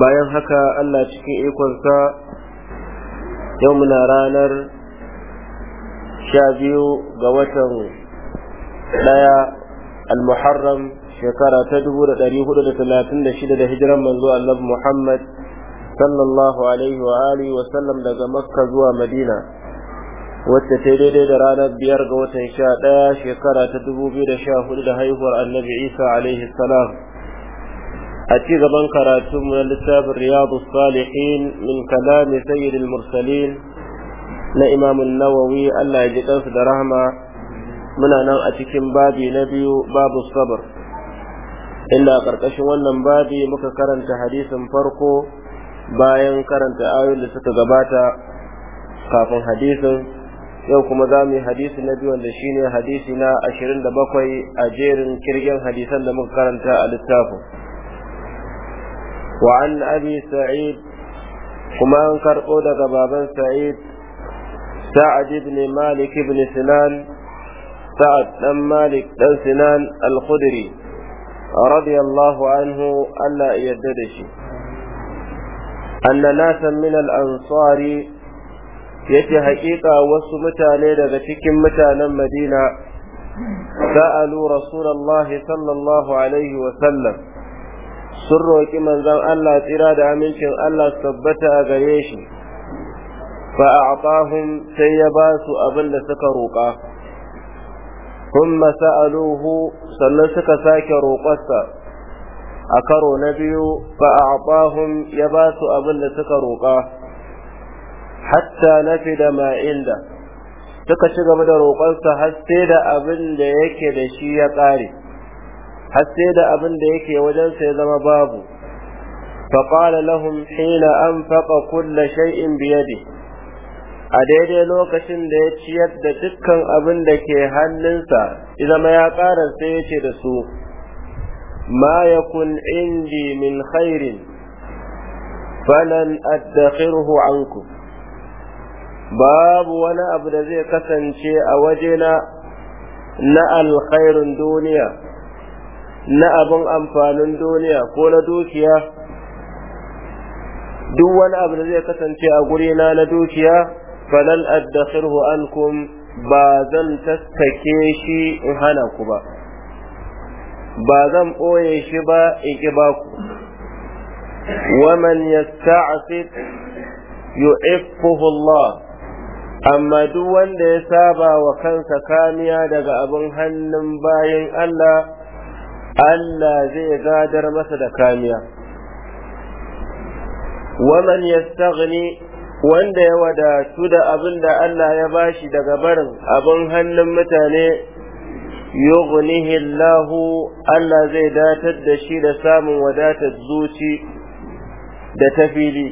bayan haka Allah cikin ikonsa yau muna ranar sha biyu ga watan ɗaya al-muharram shekara ta dubu da dari hudu da talatin da shida da hijiran manzo Allah Muhammad sallallahu alaihi wa alihi wa sallam daga makka zuwa madina wacce ta daidai da ranar biyar ga watan sha ɗaya shekara ta dubu biyu da sha hudu da haihuwar annabi isa alaihi salam A na أتيغ من قراتم من لتاب رياض الصالحين من كلام سيد المرسلين da النووي muna nan a cikin من na biyu babu sabar. باب a إلا wannan ونن muka karanta hadisin farko bayan karanta ayoyin da suka gabata kafin hadisin yau kuma za mu yi hadisi na biyu wanda shine hadisi na da bakwai a jerin kirgin hadisan da muka karanta a littafin وعن أبي سعيد كما أنكر أودك بابا سعيد سعد بن مالك بن سنان سعد بن مالك بن سنان الخدري رضي الله عنه ألا يددش أن ناسا من الأنصار yace haƙiƙa wasu mutane daga cikin mutanen Madina sa'alu Rasulullahi sallallahu alaihi wa sallam sun roƙi manzon Allah tsira da amincin Allah su tabbata a gare shi fa a'tahum sai ya ba su abin da suka roƙa kuma sa'aluhu sannan suka sake roƙarsa a karo na biyu fa a'tahum ya ba su abin da suka roƙa hatta nafida da ma'inda. suka ci gaba da roƙonsa har sai da abin da yake da shi ya ƙare har da abin da yake wajen sai ya zama babu fa qala lahum hina anfaqa kulla shay'in bi a daidai lokacin da ya ciyar da dukkan abin da ke hannunsa idan ma ya ƙara sai ya da su ma yakun indi min khairin falan addakhirhu ankum babu wani abu da zai kasance a wajena na alkhairun duniya na abin amfanin duniya ko na dukiya duk wani abu da zai kasance a gurina na dukiya falal addakhirhu ankum ba zan tattake shi in hana ku ba ba zan ɓoye shi ba in ƙi ba ku man yasta'sid yu'iffuhu Allah amma duk wanda ya saba wa kansa kamiya daga abin hannun bayan Allah Allah zai gadar masa da kamiya waman yastaghni wanda ya wadatu da abin da Allah ya bashi daga barin abin hannun mutane yughnihi Allah Allah zai datar da shi da samun wadatar zuci da tafili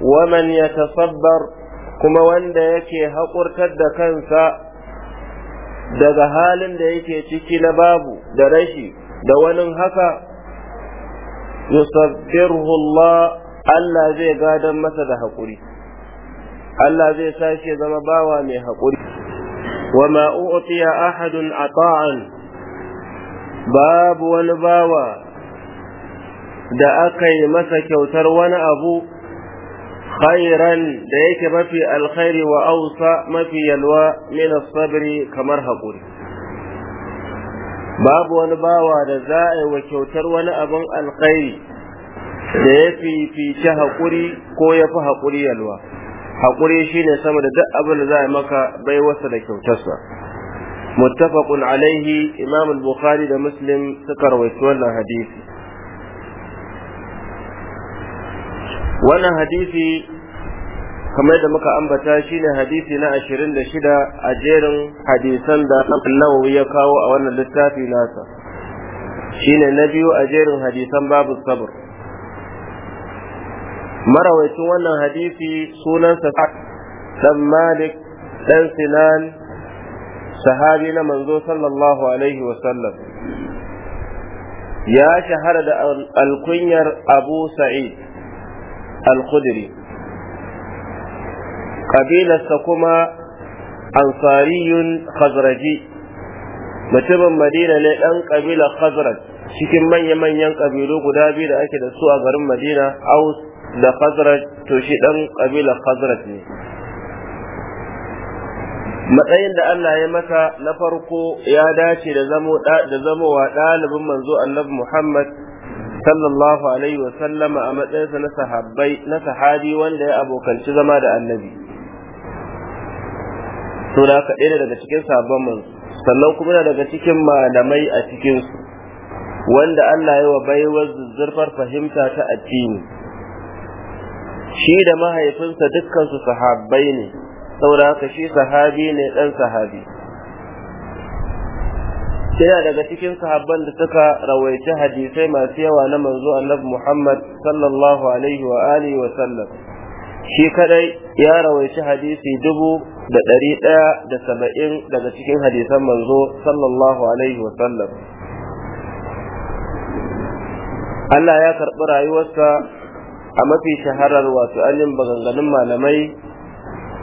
waman yatasabbar kuma wanda yake haƙurtar da kansa daga halin da yake ciki na babu da rashi da wani haka yusabbirhu Allah Allah zai gadan masa da haƙuri Allah zai sashi zama bawa mai haƙuri wa ma u'tiya ahadun ata'an babu wani bawa da aka yi masa kyautar wani abu khairan da yake mafi alkhairi wa ausa mafi yalwa min sabri kamar haƙuri babu wani bawa da za a yi wa kyautar wani abin alkhairi da ya fifici haƙuri ko ya fi haƙuri yalwa haƙuri shine sama da duk abin da za a maka bai wasa da kyautarsa muttafaqun alaihi imam bukhari da muslim suka rawaito wannan hadisi wannan hadisi kamar da muka ambata shine hadisi na ashirin da shida a jerin hadisan da Nawawi ya kawo a wannan littafi nasa shine na biyu a jerin hadisan babu sabr marawaicin wannan hadisi sunansa dan Malik dan Sinan sahabi na manzo sallallahu alaihi wasallam ya shahara da alkunyar Abu Sa'id al ƙabilarsa kuma ansariyun khazraji mutumin madina ne ɗan kabilar khazraj cikin manya-manyan kabilu guda biyu da ake da su a garin madina aus da khazraj to shi ɗan kabilar khazraj ne matsayin da Allah ya mata na farko ya dace da zamowa ɗalibin manzo annabi Muhammad sallallahu alaihi wa sallama a matsayinsa na sahabbai na sahabi wanda ya abokanci zama da annabi to da haka ɗaya daga cikin sahabban manzo sannan kuma na daga cikin malamai a cikin su. wanda Allah ya wa baiwar zuzzurfar fahimta ta addini shi da mahaifinsa dukkan su sahabbai ne saboda haka shi sahabi ne dan sahabi yana daga cikin sahabban da suka rawaici hadisai masu yawa na manzo annabi Muhammad sallallahu alaihi wa alihi wa sallam shi kadai ya rawaici hadisi dubu da ɗari ɗaya da saba'in daga cikin hadisan manzo sallallahu alaihi wa sallam Allah ya karɓi rayuwarsa a mafi shaharar wasu alin maganganun malamai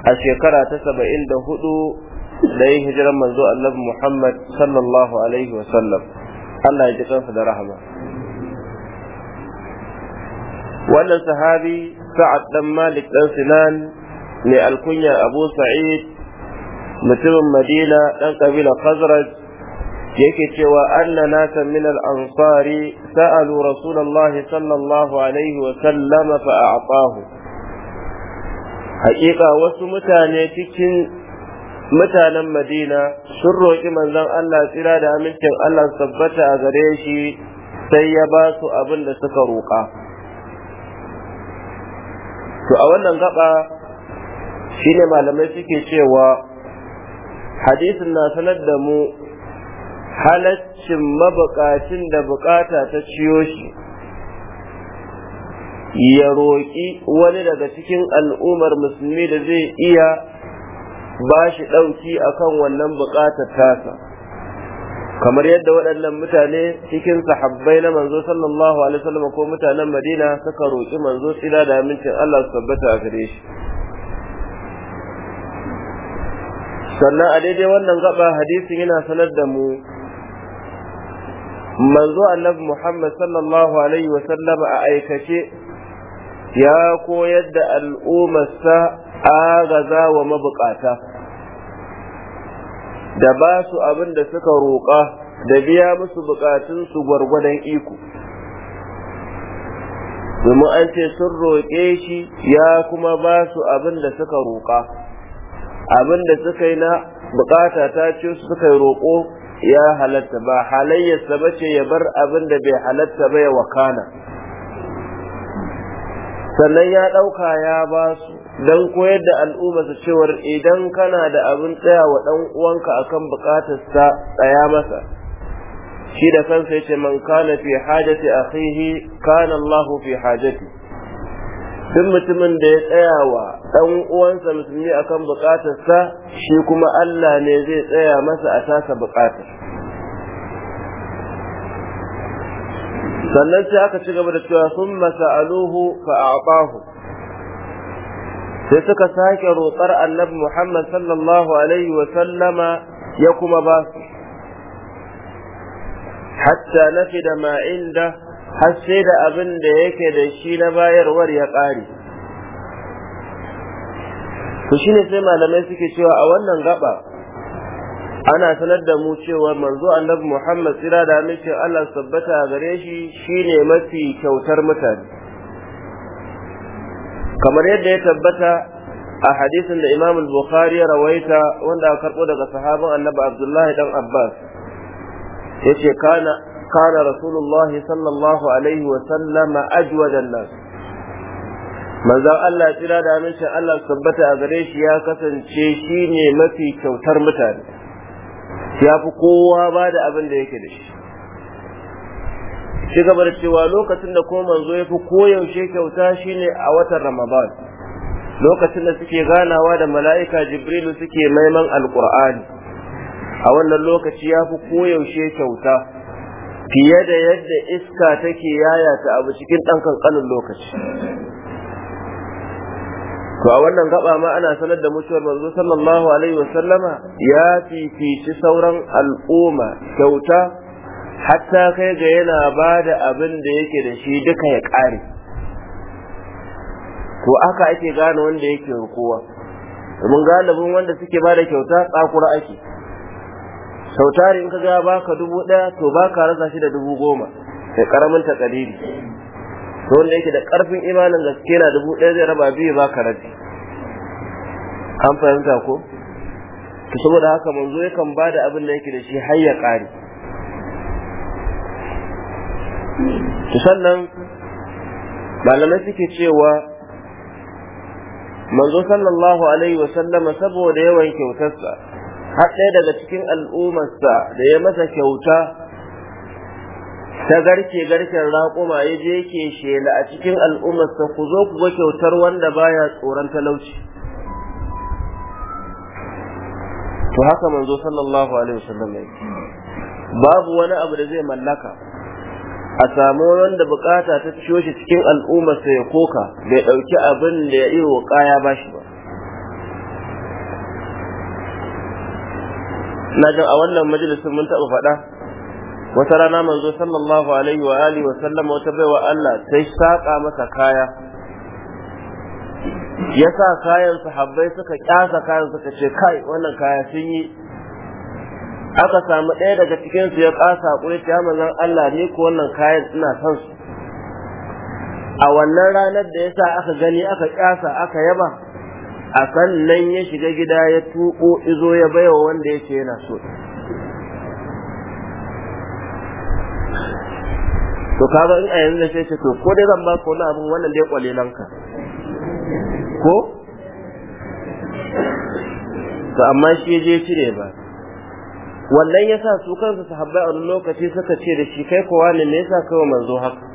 a shekara ta saba'in da hudu da yin hijiran manzo annabi Muhammad sallallahu alaihi wa sallam Allah ya ji kansa da rahama wannan sahabi Sa'ad dan Malik dan Sinan ne alkunya Abu Sa'id mutumin Madina dan kabila Khazraj yake cewa anna nata min al-ansari sa'alu Rasulullah sallallahu alaihi wa sallam fa a'tahu haƙiƙa wasu mutane cikin mutanen madina sun roƙi manzon Allah tsira da amincin Allah tabbata a gare shi sai ya ba su abin da suka roƙa to a wannan gaba shine malamai suke cewa hadisin na sanar da mu halaccin mabukacin da bukata ta ciyo shi ya roƙi wani daga cikin al'ummar musulmi da zai iya ba shi ɗauki a kan wannan buƙatar tasa kamar yadda waɗannan mutane cikin sahabbai na manzo sallallahu alaihi wasallam ko mutanen Madina suka roƙi manzo tsira da amincin Allah su tabbata a gare shi sannan a daidai wannan gaba hadisin yana sanar da mu manzo annabi Muhammad sallallahu alaihi wasallam a aikace ya koyar da al'ummarsa agaza wa mabukata da ba su abin da suka roƙa da biya musu bukatunsu gwargwadon iko domin an ce sun roƙe shi ya kuma ba su abin da suka roƙa abin da suka yi na bukata ta ce suka yi roƙo ya halatta ba halayyarsa ba ce ya bar abin da bai halatta ba ya wakana sannan ya ɗauka ya ba su don koyar da al'umma su cewar idan kana da abin tsaya wa dan uwanka akan sa tsaya masa shi da kansa yace man kana fi hajati akhihi kana Allah fi hajati duk mutumin da ya tsaya wa ɗan uwansa musulmi akan sa shi kuma Allah ne zai tsaya masa a tasa bukata sannan sai aka ci gaba da cewa sa'aluhu fa a'tahu sai suka sake roƙar annabi Muhammad sallallahu alaihi wa sallama ya kuma ba su hatta nafi da ma inda har sai da abin da yake da shi na bayarwar ya ƙare to shine sai malamai suke cewa a wannan gaba ana sanar da mu cewa manzo annabi Muhammad tsira da mace Allah sabbata gare shi shine mafi kyautar mutane kamar yadda ya tabbata a hadisin da Imam al-Bukhari ya rawaita wanda aka karbo daga sahabar Annabi Abdullahi dan Abbas yace kana kana Rasulullah sallallahu alaihi wa sallam ajwadan nas manzon Allah tsira da amincin Allah tabbata a gare shi ya kasance shine mafi kyautar mutane ya fi kowa ba da abin da yake da shi shi gaba da cewa lokacin da kuma manzo ya fi koyaushe kyauta shine a watan ramadan lokacin da suke ganawa da mala'ika jibrilu suke maiman alkur'ani a wannan lokaci ya fi koyaushe kyauta fiye da yadda iska take yaya ta abu cikin ɗan kankanin lokaci to a wannan gaba ma ana sanar da mutuwar manzo sallallahu alaihi wasallama ya fifici sauran al'umma kyauta hatta kai ga yana ba da abin da yake da shi duka ya ƙare to aka ake gane wanda yake rukuwa domin galibin wanda suke ba da kyauta tsakura ake sautari in ka ga baka dubu ɗaya to baka rasa shi da dubu goma da karamin takalili to wanda yake da karfin imanin gaske na dubu ɗaya zai raba biyu baka rabi an fahimta ko to saboda haka manzo yakan ba da abin da yake da shi har ya ƙare to sannan malamai suke cewa manzo sallallahu alaihi wasallama saboda yawan kyautarsa har ɗaya daga cikin al'ummarsa da ya masa kyauta ta garke garken raƙuma ya je yake shela a cikin al'ummarsa ku zo ku ga kyautar wanda baya tsoron talauci to haka manzo sallallahu alaihi wasallam babu wani abu da zai mallaka a samu wanda bukata ta ciyo shi cikin al'ummarsa ya koka bai ɗauki abin da ya iya kaya ba shi ba na jin a wannan majalisin mun taɓa faɗa wata rana manzo sallallahu alaihi wa alihi wa sallama wata baiwa Allah ta saka masa kaya Yasa sa kayan sahabbai suka ƙyasa kayan suka ce kai wannan kaya sun yi aka samu ɗaya daga cikin su ya kasa hakuri ta manzon Allah ne ko wannan kayan suna son su a wannan ranar da yasa aka gani aka ƙasa aka yaba a sannan ya shiga gida ya tuko izo ya baiwa wanda yake yana so to kaga in a yanzu sai ce to ko dai zan ba ko na abin wannan dai kwalelan ka ko to amma shi je cire ba wannan yasa su kansu sahabbai a lokaci suka ce da shi kai kowa ne me yasa kai manzo haka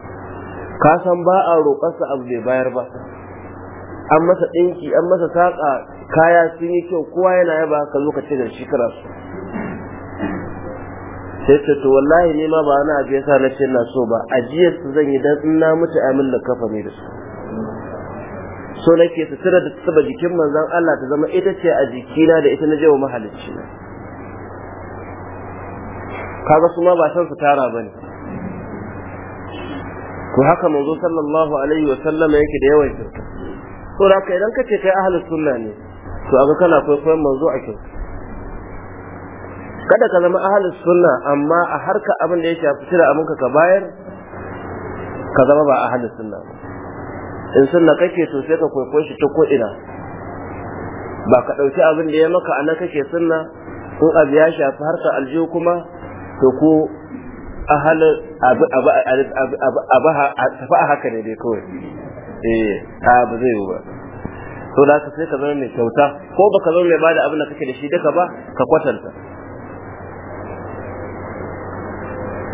ka san ba a roƙarsa abu bai bayar ba an masa ɗinki an masa saƙa kaya sun yi kyau kowa yana yaba ka zo da shi kira su sai ce to wallahi ne ma ba wani abu yasa na ce na so ba ajiyar su zan yi dan in na mutu a min kafa ne da su so nake sutura da taba jikin manzon Allah ta zama ita ce a jikina da ita na je wa mahalicci kaga su ma ba san su tara bane ko haka manzo sallallahu alaihi wa sallama yake da yawan shirka to da idan ka ce kai ahlus sunna ne to aga kana koyon manzo a shirka kada ka zama ahlus sunna amma a harka abin da ya shafi cire abin ka bayar ka zama ba ahlus sunna in sunna kake to sai ka kwaikwayo shi ta ko ina ba ka ɗauki abin da ya maka a nan kake sunna ko abiya shafi harka aljihu kuma to ko ahalin abu abu abu tafi a haka ne dai kawai eh a ba zai yi ba to da ka sai ka zama mai kyauta ko ba ka zama mai bada abin da kake da shi duka ba ka kwatanta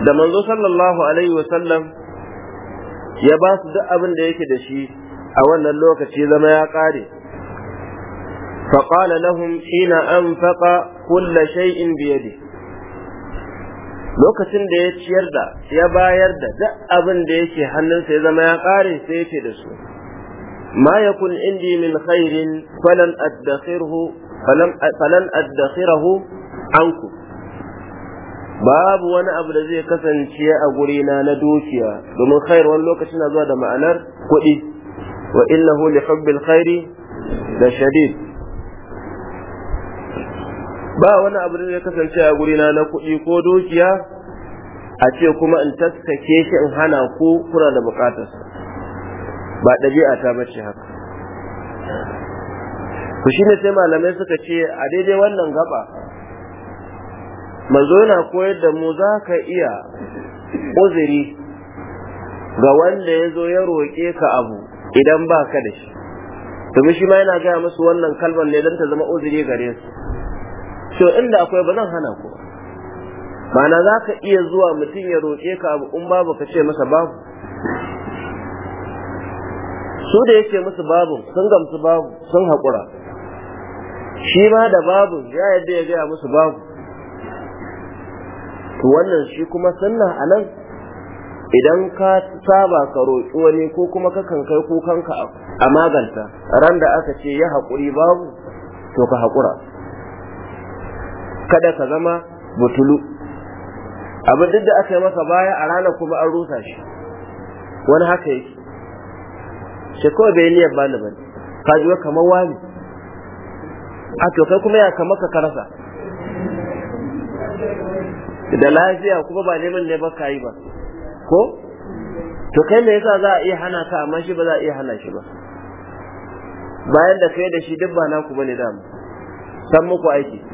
da manzo sallallahu alaihi wa sallam ya ba su duk abin da yake da shi a wannan lokaci zama ya kare فقال لهم حين أنفق كل شيء بيده lokacin da ya ciyar da ya bayar da duk abin da yake hannunsa ya zama ya ƙare sai yake da su ma yakun indi min khairin falan addakhirhu falan addakhirahu anku babu wani abu da zai kasance a gurina na dukiya domin khair wani lokaci na zuwa da ma'anar kuɗi wa innahu li hubbil khairi da shadid ba wani abu da zai kasance a gurina na kuɗi ko dukiya a ce kuma in taskake shi in hana ko kuna da bukatar ba ɗabi'a ta bace haka ku shine sai malamai suka ce a daidai wannan gaba manzo yana koyar da mu za ka iya uzuri ga wanda ya zo ya roƙe ka abu idan ba ka da shi domin shi ma yana gaya musu wannan kalmar ne don ta zama uzuri gare su to inda akwai ba zan hana ku Ba na za ka iya zuwa mutum ya roƙe ka abu in babu ka ce masa babu su da yake musu babu sun gamsu babu sun haƙura shi ma da babu ya yadda ya gaya musu babu to wannan shi kuma sunna a nan idan ka saba ka roƙi wani ko kuma ka kan kai kukanka a maganta ran da aka ce ya haƙuri babu to ka haƙura kada ka zama butulu abin duk da aka yi masa baya a ranar kuma an rusa shi wani haka yake shi kawai bai niyyar ba ni bane ka ji kamar wani a to kai kuma ya kama ka karasa da lafiya kuma ba neman ne ba ka yi ba ko to kai me yasa za a iya hana ka amma shi ba za a iya hana shi ba bayan da kai da shi duk ba naku bane dama san muku aiki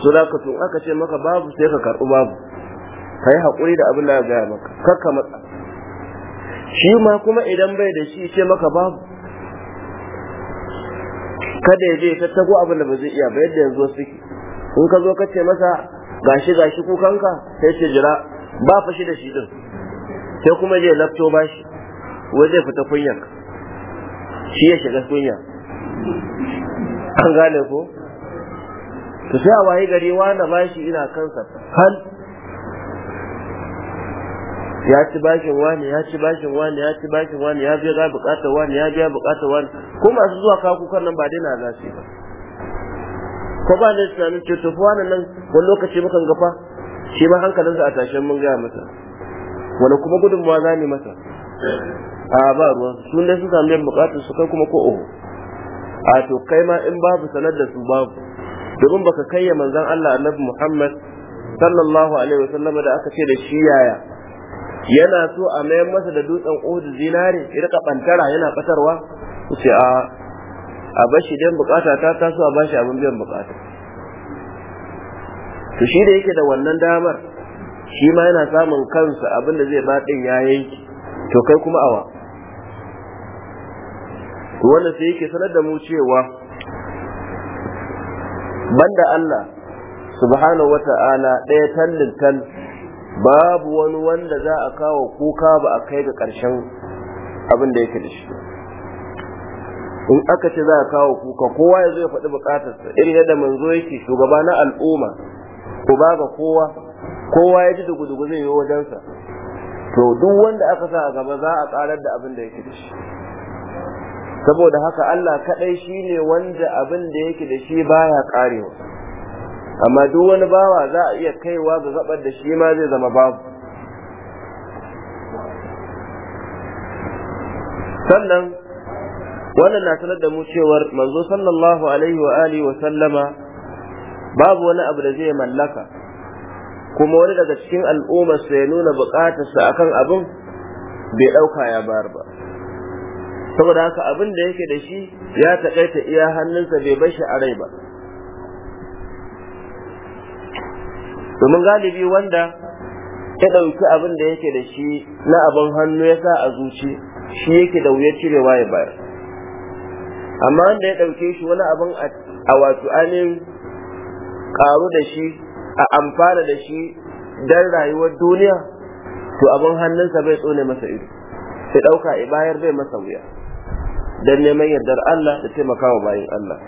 so da ka tun aka ce maka babu sai ka karɓi babu ka yi haƙuri da abin da ya gaya maka kakka matsa shi ma kuma idan bai da shi ce maka babu kada ya je ya tattago abin da ba zai iya ba yadda yanzu wasu in ka zo ka ce masa gashi gashi kukanka sai ce jira ba fa shi da shi din sai kuma je lafto shi, wai zai fita kunyar shi ya shiga kunya an gane ko to sai a waye gari wanda bashi ina kansa hal ya ci bashin wani ya ci bashin wani ya ci bashin wani ya biya bukata wani ya biya bukata wani ko masu zuwa kawo kan nan ba dai za su yi ba ko ba da tunanin ce to fa wannan nan wani lokaci ga fa? shi ba hankalin hankalinsa a tashen mun gaya masa wani kuma gudunmawa za mu masa a ba ruwa sun dai sun samu yan bukatun su kai kuma ko oho a to kai ma in babu sanar da su babu domin baka kayya manzon Allah annabi Muhammad sallallahu alaihi wasallam da aka ce da shi yaya yana so a mayar masa da dutsen Uhud zinare ya rika bantara yana fatarwa ce a a bashi dan bukata ta taso a bashi abin biyan bukata to shi da yake da wannan damar shi ma yana samun kansa abin da zai ba din yayin to kai kuma awa wannan sai yake sanar da mu cewa banda Allah subhanahu wata'ala ɗaya tallintan babu wani wanda za a kawo kuka ba a kai ga ƙarshen abin da yake da shi in aka ce za a kawo kuka kowa ya zo ya faɗi buƙatarsa irin yadda manzo yake shugaba na al'umma ko ba ga kowa kowa ya ji dugu-dugu zai yi wajensa to duk wanda aka sa a gaba za a ƙarar da abin da yake da shi saboda haka Allah kadai shine wanda abin da yake da shi baya karewa amma duk wani bawa za a iya kaiwa ga zabar da shi ma zai zama babu sannan wannan na sanar da mu cewar manzo sallallahu alaihi wa alihi wa sallama babu wani abu da zai mallaka kuma wani daga cikin al'ummar ya nuna bukatarsa akan abin bai dauka ya bar ba saboda haka abin da yake da shi ya taƙaita iya hannunsa bai bar shi a rai ba domin galibi wanda ya ɗauki abin da yake da shi na abin hannu ya sa a zuci shi yake da wuyar cirewa ya bayar amma wanda ya ɗauke shi wani abin a wato ainihin ƙaru da shi a amfana da shi don rayuwar duniya to abin hannunsa bai tsone masa ido sai ɗauka bayar bai masa wuya don neman yardar Allah da taimakawa bayan Allah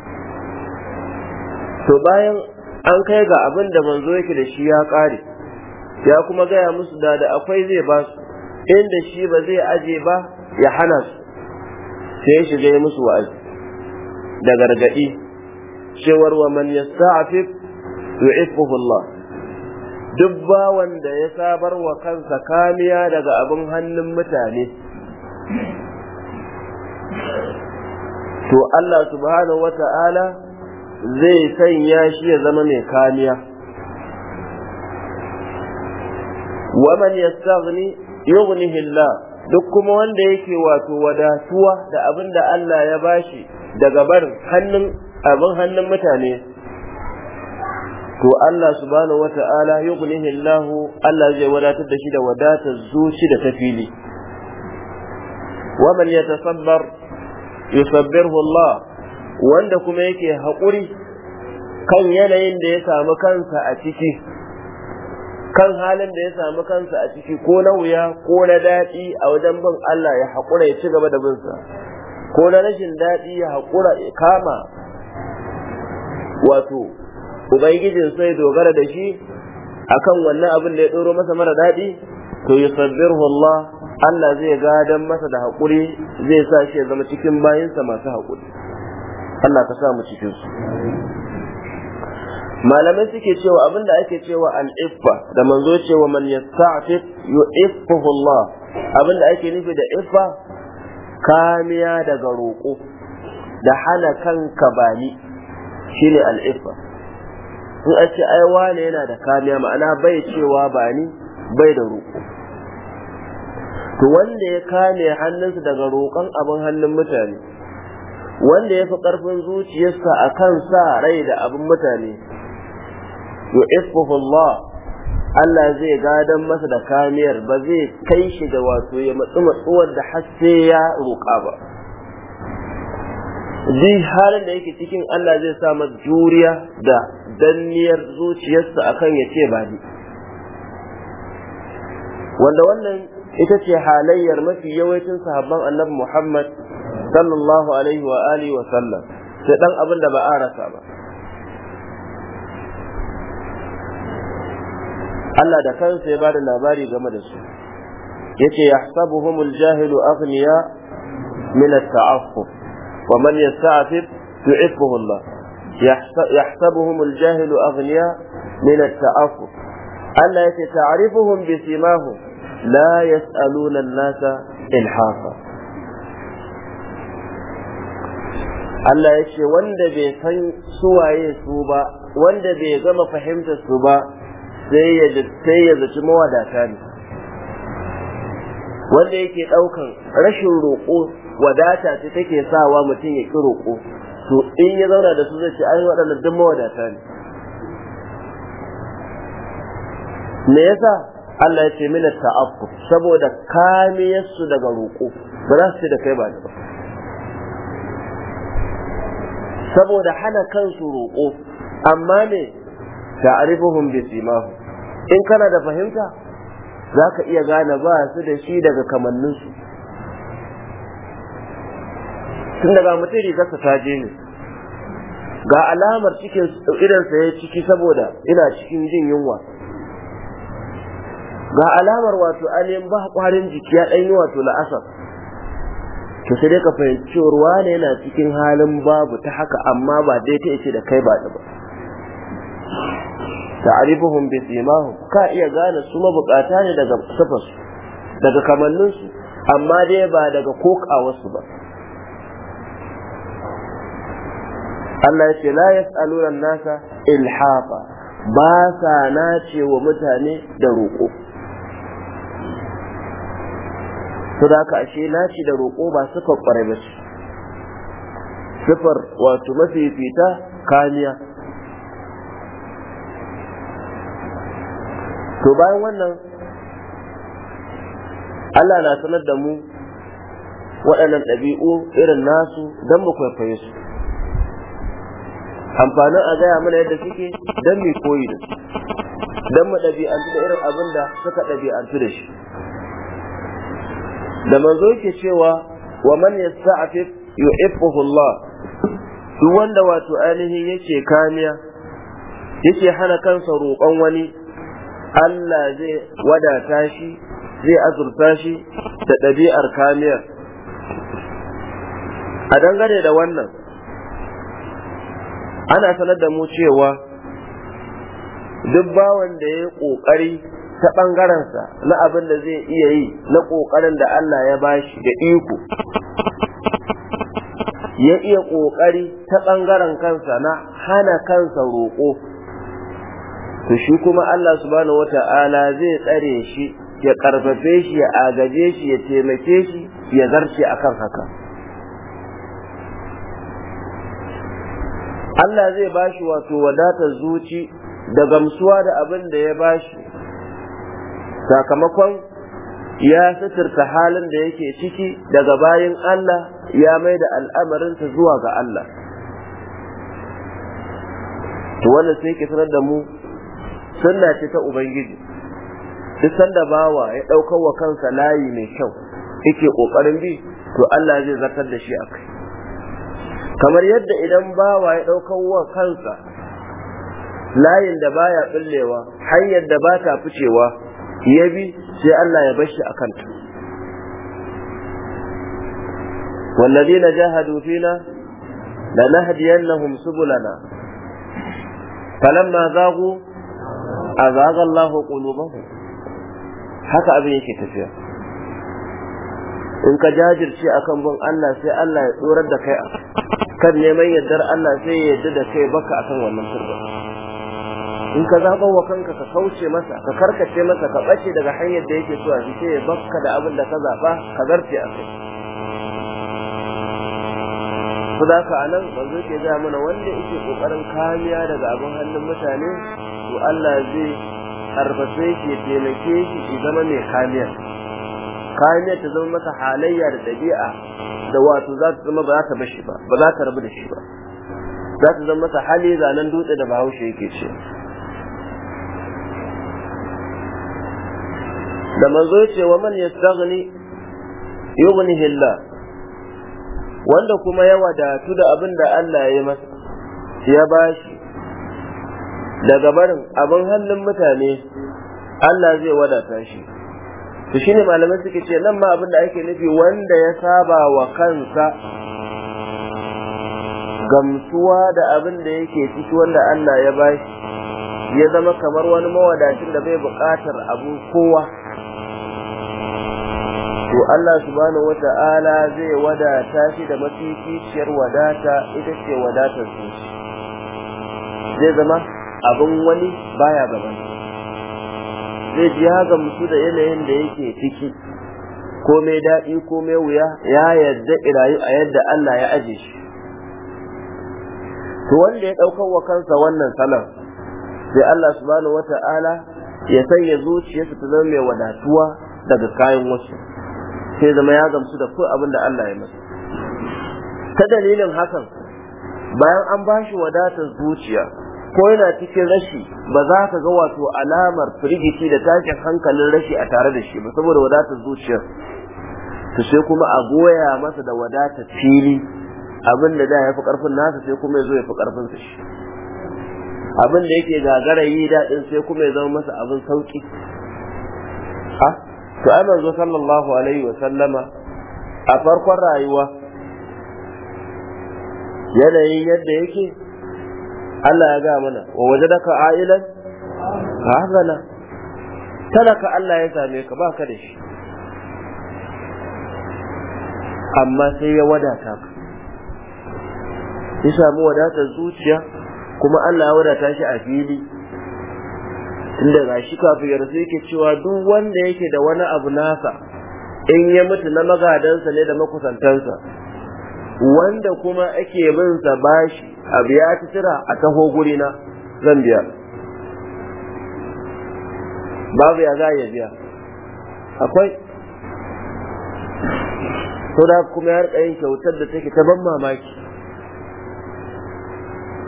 to bayan an kai ga abin da manzo yake da shi ya kare, ya kuma gaya musu da da akwai zai ba su inda shi ba zai aje ba ya hana su sai shi ya musu wa'azi da gargaɗi cewar wa man yasta'fif yu'iffuhu Allah duk bawan da ya sabar wa kansa kamiya daga abin hannun mutane to Allah subhanahu wata'ala zai sanya shi ya zama mai kamiya waman yastaghni yughnihi Allah duk kuma wanda yake wato wadatuwa da abin da Allah ya bashi daga barin hannun abin hannun mutane to Allah subhanahu wata'ala yughnihi Allah Allah zai wadatar da shi da wadatar zuci da tafili waman yatasabbar yusabbirhu Allah wanda kuma yake haƙuri kan yanayin da ya samu kansa a ciki kan halin da ya samu kansa a ciki ko na wuya ko na daɗi a wajen bin Allah ya haƙura ya ci gaba da binsa ko na rashin daɗi ya haƙura ya kama wato ubangijin sai dogara da shi akan wannan abin da ya tsoro masa mara daɗi to yusabbirhu Allah Allah zai ga gadan masa da haƙuri zai sa shi ya zama cikin bayansa masu hakuri. Allah ka sa mu cikin su malamai suke cewa abinda ake cewa al-iffa da manzo cewa man yasta'fif yu'iffahu Allah abinda ake nufi da iffa kamiya daga roƙo da hana kanka bani shine al-iffa in a ai wane yana da kamiya ma'ana bai cewa bani bai da roƙo to wanda ya kame hannunsa daga roƙon abin hannun mutane wanda ya fi ƙarfin zuciyarsa a kan sa rai da abin mutane yu'iffuhullah Allah zai gadon masa da kamiyar ba zai kai shi da wato ya matsu matsuwar da hasse ya roƙa ba Zai halin da yake cikin Allah zai sa masa juriya da danniyar zuciyarsa akan ya ce ba ni wanda wannan ita ce halayyar mafi yawancin sahabban annabi Muhammad sallallahu alaihi wa alihi wa sallam sai dan abin da ba a rasa ba Allah da kansa ya bada labari game da su yace yahsabuhumul jahilu aghniya min at-ta'affuf wa man yasta'fif yu'iffuhu Allah yahsabuhumul jahilu aghniya min at-ta'affuf Allah yace ta'rifuhum bi simahum la yas'aluna an-nasa ilhafa Allah ya ce wanda bai san suwaye su ba wanda bai gama fahimtar su ba sai ya zaci mawadata ne wanda yake ɗaukan rashin roƙo wadata ce take sawa mutum ya ƙi roƙo to in ya zauna da su zai ce ai waɗannan duk mawadata ne me yasa Allah ya ce mina ta'affuf saboda kamiyarsu daga roƙo ba za su da kai ba ba saboda hana kansu roƙo amma ne ta'rifuhum bi simahu in kana da fahimta za ka iya gane ba su da shi daga kamanninsu tun daga mutum rigarsa ta je ne ga alamar cikin idansa ya ciki saboda ina cikin jin yunwa ga alamar wato ainihin ba kwarin jiki ya ɗan wato la'asar to sai dai ka fahimci ruwa ne yana cikin halin babu ta haka amma ba dai ta ce da kai ba da ba ta'rifuhum bi simahum ka iya gane su mabukata ne daga sifas daga kamannin su amma dai ba daga kokawarsu ba Allah ya ce la yas'aluna nasa ilhafa ba sa nace wa mutane da roƙo to da haka ashe naci da roƙo ba suka ƙware ba su sifar wato fita kamiya to bayan wannan Allah na sanar da mu waɗannan ɗabi'u irin nasu don mu kwaikwaye su amfanin a gaya mana yadda suke don mai koyi da su don mu ɗabi'antu da irin abin da suka ɗabi'antu da shi da manzo yake cewa wa man yasta'fif yuhibbuhu Allah duk wanda wato ainihi yake kamiya yake hana kansa roƙon wani Allah zai wadata shi zai azurta shi da ɗabi'ar kamiyar a dangane da wannan ana sanar da mu cewa duk bawan da ya yi ƙoƙari ta ɓangarensa na abin da zai iya yi na ƙoƙarin da Allah ya bashi da iko ya iya ƙoƙari ta ɓangaren kansa na hana kansa roƙo to shi kuma Allah subhanahu wata'ala zai tsare shi ya ƙarfafe shi ya agaje shi ya taimake shi ya zarce kan haka Allah zai bashi wato wadatar zuci da gamsuwa da abin da ya bashi sakamakon ya suturta halin da yake ciki daga bayan Allah ya mai da ta zuwa ga Allah to wannan sai ke sanar da mu sunna ce ta ubangiji duk sanda bawa ya ɗaukar wa kansa layi mai kyau yake ƙoƙarin bi to Allah zai zartar da shi a kai kamar yadda idan bawa ya ɗaukar wa kansa layin da baya ɓullewa hanyar da ba ta ficewa ya bi sai Allah ya bashi a kanta da na na جاهدوا فينا لنهدينهم سبلنا فلما a أزاغ الله قلوبهم haka abin yake tafiya in ka jajirce akan bin Allah sai Allah ya tsorar da kai a kan neman yardar Allah sai ya yarda da kai baka akan wannan sirri in ka zaɓa wa kanka ka kauce masa ka karkace masa ka ɓace daga hanyar da yake so a jike ya bakka da abin da ka zaɓa ka zarce a kai ku za ka anan wanzu ke gaya mana wanda yake ƙoƙarin kamiya daga abin hannun mutane to Allah zai harbace shi ya taimake shi ya zama mai kamiyar kamiyar ta zama masa halayya da ɗabi'a da wato za ta zama ba za ta ba za ta rabu da shi ba za ta zama masa hali zanen dutse da bahaushe yake ce da manzo ya ce wa man yastaghni yughnihi Allah wanda kuma ya wadatu da abin da Allah ya masa ya bashi daga barin abin hannun mutane Allah zai wadata shi to shine malamai suke ce nan ma abin da ake nufi wanda ya saba wa kansa gamsuwa da abin da yake ciki wanda Allah ya bashi ya zama kamar wani mawadacin da bai buƙatar abu kowa to Allah subhanahu wata'ala zai wadata shi da mafificiyar wadata ita ce wadatar su zai zama abin wani baya gaba. zai ji ya mutu da yanayin da yake ciki ko mai daɗi ko mai wuya ya yadda irayu a yadda Allah ya aje shi to wanda ya ɗaukar wa kansa wannan salon sai Allah subhanahu wata'ala ya sanya zuciyarsa ta zama mai wadatuwa daga kayan wasu sai zama ya gamsu da ko abin da Allah ya masa ta dalilin hakan bayan an ba shi wadatar zuciya ko yana cikin rashi ba za ka ga wato alamar firgici da tashin hankalin rashi a tare da shi ba saboda wadatar zuciyar to sai kuma a goya masa da wadatar fili abin da da ya fi karfin nasa sai kuma ya zo ya fi karfin shi abin da yake gagara yi daɗin sai kuma ya zama masa abin sauki to ai manzo sallallahu alaihi wa sallama a farkon rayuwa yanayin yadda yake Allah ya ga mana wa wajadaka ailan hazana talaka Allah ya same ka ba ka da shi amma sai ya wadata ka ya samu wadatar zuciya kuma Allah ya wadata shi a fili tunda ga shi kafin ya rasu yake cewa duk wanda yake da wani abu nasa in ya mutu na magadansa ne da makusantansa wanda kuma ake bin sa bashi abu ya ci tira a taho gurina zan biya babu ya za ya biya akwai da kuma ya rika yin kyautar da take ta ban mamaki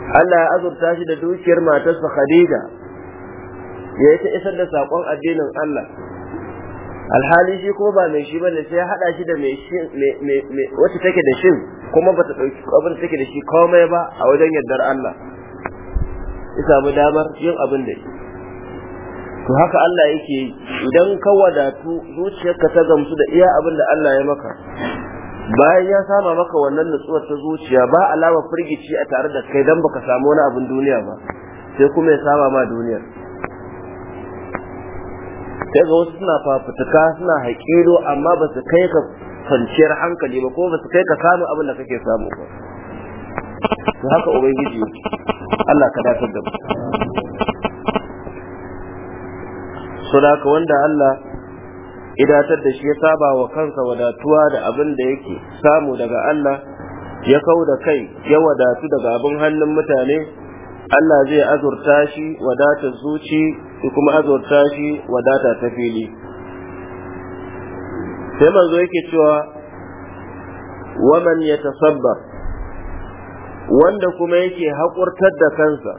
Allah ya azurta shi da dukiyar matarsa Khadija ya yi ta isar da saƙon addinin Allah alhali shi kuma ba mai shi bane sai ya haɗa shi da mai shi wacce take da shin kuma ba ta ɗauki abin da take da shi komai ba a wajen yardar Allah ya samu damar yin abin da shi to haka Allah yake yi idan ka wadatu zuciyarka ta gamsu da iya abin da Allah ya maka bayan ya sama maka wannan nutsuwar ta zuciya ba alama firgici a tare da kai dan baka samu wani abin duniya ba sai kuma ya sama ma duniyar sai ga wasu suna fafutuka suna haƙero amma ba su kai ka kwanciyar hankali ba ko ba su kai ka kano abin da kake samu ba su haka ubangiji Allah ka dafa da mu haka wanda Allah idatar da shi ya saba wa kansa wadatuwa da abin da yake samu daga Allah ya kau da kai ya wadatu daga abin hannun mutane Allah zai azurta shi wadatar zuci da kuma azurta shi wadata ta fili sai manzo yake cewa waman ya tasabbar wanda kuma yake haƙurtar da kansa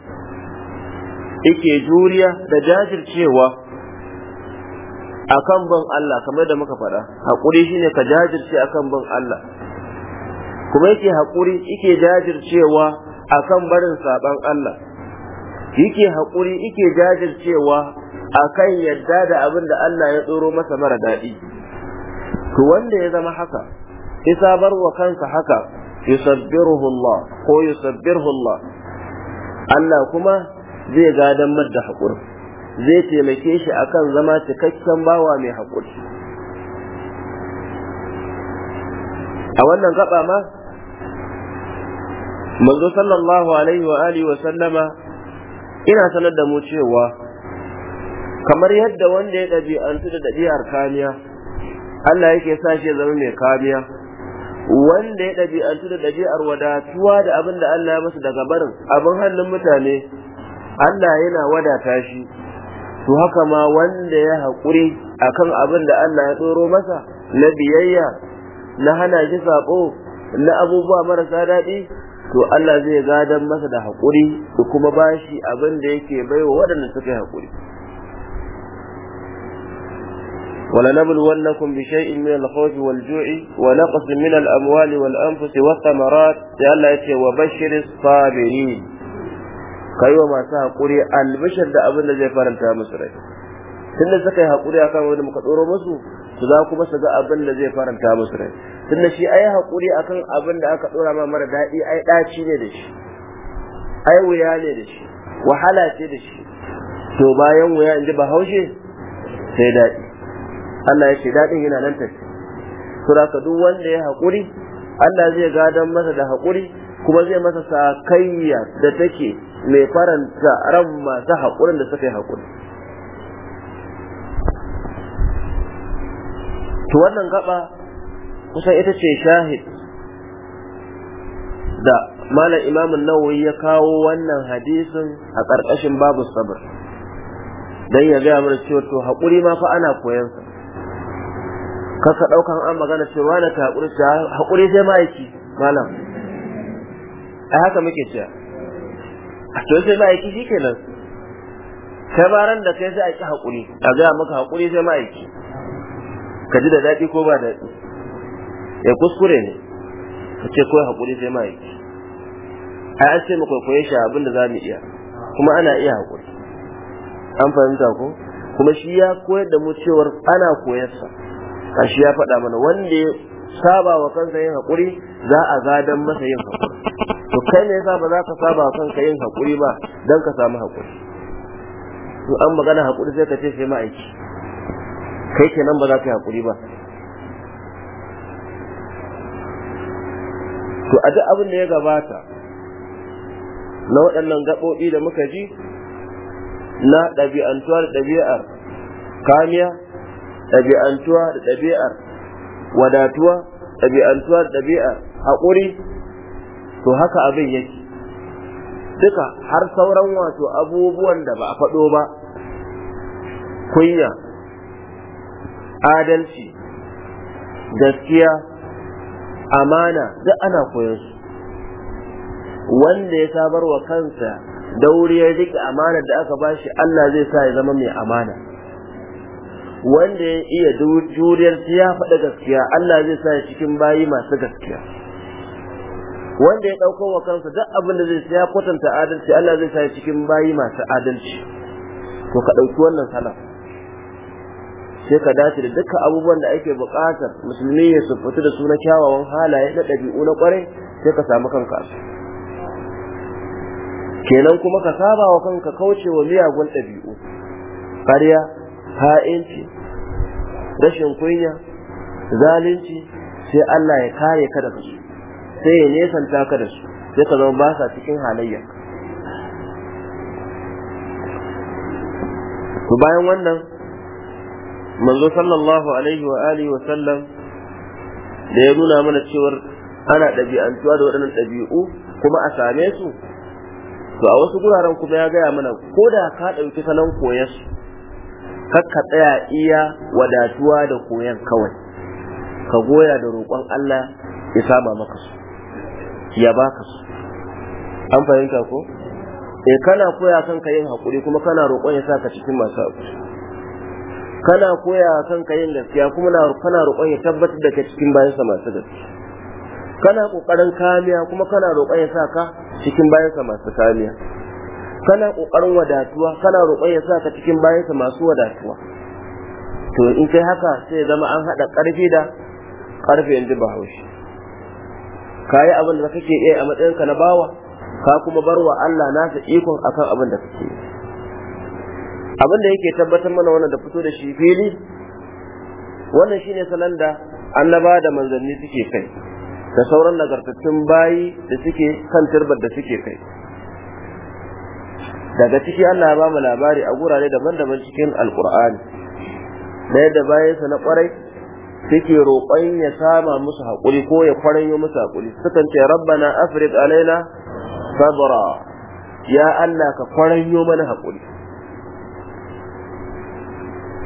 yake juriya da jajircewa akan bin Allah kamar da muka faɗa haƙuri shine ka jajirce akan bin Allah kuma yake haƙuri yake jajircewa akan barin saban Allah yake haƙuri yake jajircewa akan yadda da abin da Allah ya tsoro masa mara daɗi to wanda ya zama haka ya wa kansa haka yusabbiruhu Allah ko yusabbiruhu Allah Allah kuma zai gadan da haƙuri zai taimake shi akan zama cikakken bawa mai haƙuri a wannan gaba ma manzo sallallahu alaihi wa alihi wa sallama ina sanar da mu cewa kamar yadda wanda ya dabi'antu da ɗabi'ar kamiya Allah yake sa shi zama mai kamiya wanda ya dabi'antu da ɗabi'ar wadatuwa da abin da Allah ya masa daga barin abin hannun mutane Allah yana wadata shi to haka ma wanda ya haƙuri akan abin da Allah ya tsoro masa na biyayya na hana shi saƙo na abubuwa marasa daɗi to Allah zai gadan masa da hakuri, da kuma bashi shi abin da yake bai wa waɗanda suka yi haƙuri. wala nabul wannakum bi shay'in min al-khawf wal-ju'i wa naqs min al-amwali wal-anfus wa thamarat ya Allah yace wa bashir as-sabirin kai wa masu hakuri albashar da abin da zai faranta musu rai tunda suka yi hakuri akan wanda muka tsoro musu su za kuma su ga abin da zai faranta musu rai tunda shi ai hakuri akan abin da aka dora ma mara dadi. ai ɗaci ne da shi ai wuya ne da shi wahala ce da shi to bayan wuya in ji bahaushe sai dadi. Allah ya ce daɗin yana nan tafi to ka duk wanda ya hakuri, Allah zai gadon masa da hakuri kuma zai masa sakayya da take mai faranta ran masu hakurin da suka yi hakuri to wannan gaba kusan ita ce shahid da malam imamun nawawi ya kawo wannan hadisin a ƙarƙashin babu sabr dan ya gaya mana cewa to haƙuri ma fa ana koyansa ka ɗaukan an magana cewa na ta haƙuri ta haƙuri sai ma'aiki malam a haka muke cewa a to sai ma'aiki shi kenan kai ran da kai sai a ki haƙuri a gaya maka haƙuri sai ma'aiki ka ji da daɗi ko ba daɗi ya eh, kuskure ne ka ce kawai haƙuri sai ma yake ai an ce mu kwaikwaye shi abin da za mu iya kuma ana iya haƙuri an fahimta ko kuma shi ya koyar da mu cewar ana koyarsa a shi ya faɗa mana wanda ya saba wa kansa yin haƙuri za a gadan masa yin haƙuri to kai ne yasa ba za ka saba wa kanka yin haƙuri ba don ka samu haƙuri to an magana haƙuri sai ka ce sai ma aiki kai kenan ba za ka yi haƙuri ba to a duk abin da ya gabata na waɗannan gaɓoɓi da muka ji na ɗabi'antuwa da ɗabi'ar kamiya ɗabi'antuwa da ɗabi'ar wadatuwa ɗabi'antuwa da ɗabi'ar haƙuri to haka abin yake duka har sauran wato abubuwan da ba a faɗo ba kunya adalci gaskiya amana duk ana koyon su wanda ya sabar wa kansa dauriyar riƙe amanar da aka bashi Allah zai sa ya zama mai amana wanda ya iya juriyar ya faɗa gaskiya Allah zai sa ya cikin bayi masu gaskiya wanda ya ɗauko wa kansa duk abin da zai ya kwatanta adalci Allah zai sa ya cikin bayi masu adalci Ko ka ɗauki wannan salaf sai ka dace da dukkan abubuwan da ake buƙatar musulmi ya sufutu da su na kyawawan halaye na ɗabi'u na ƙwarai sai ka samu kanka kenan kuma ka saba wa kanka kauce wa miyagun ɗabi'u ƙarya ha'inci rashin kunya zalunci sai Allah ya kare ka daga su sai ya nesanta ka da su sai ka zama ba cikin halayya to bayan wannan manzo sallallahu alaihi wa alihi wa sallam da ya nuna mana cewar ana ɗabi'antuwa da waɗannan ɗabi'u kuma a same su to a wasu guraren kuma ya gaya mana ko da ka ɗauki salon koyar kar ka tsaya iya wadatuwa da koyan kawai ka goya da roƙon Allah ya saba maka su ya baka su an fahimta ko eh kana koya kanka yin haƙuri kuma kana roƙon ya saka cikin masu haƙuri kana koya kan ka yin gaskiya kuma kana roƙon ya tabbatar da ka cikin bayansa masu gaskiya kana kokarin kamiya kuma kana roƙon ya sa ka cikin bayansa masu kamiya kana kokarin wadatuwa kana roƙon ya sa ka cikin bayansa masu wadatuwa to in kai haka sai zama an haɗa ƙarfi da ƙarfe yanzu ba haushi ka yi abin da kake iya a matsayinka na bawa ka kuma barwa Allah nasa ikon akan abin da kake yi abin da yake tabbatar mana wannan da fito da shi fili wannan shine salon da annaba da manzanni suke kai da sauran nagartattun bayi da suke kan turbar da suke kai daga ciki Allah ba mu labari a gurare daban-daban cikin alkur'ani da yadda bayansa na kwarai suke roƙon ya sama musu haƙuri ko ya kwaranyo musu haƙuri sukan ce rabbana afrid alaina sabra ya Allah ka kwaranyo mana haƙuri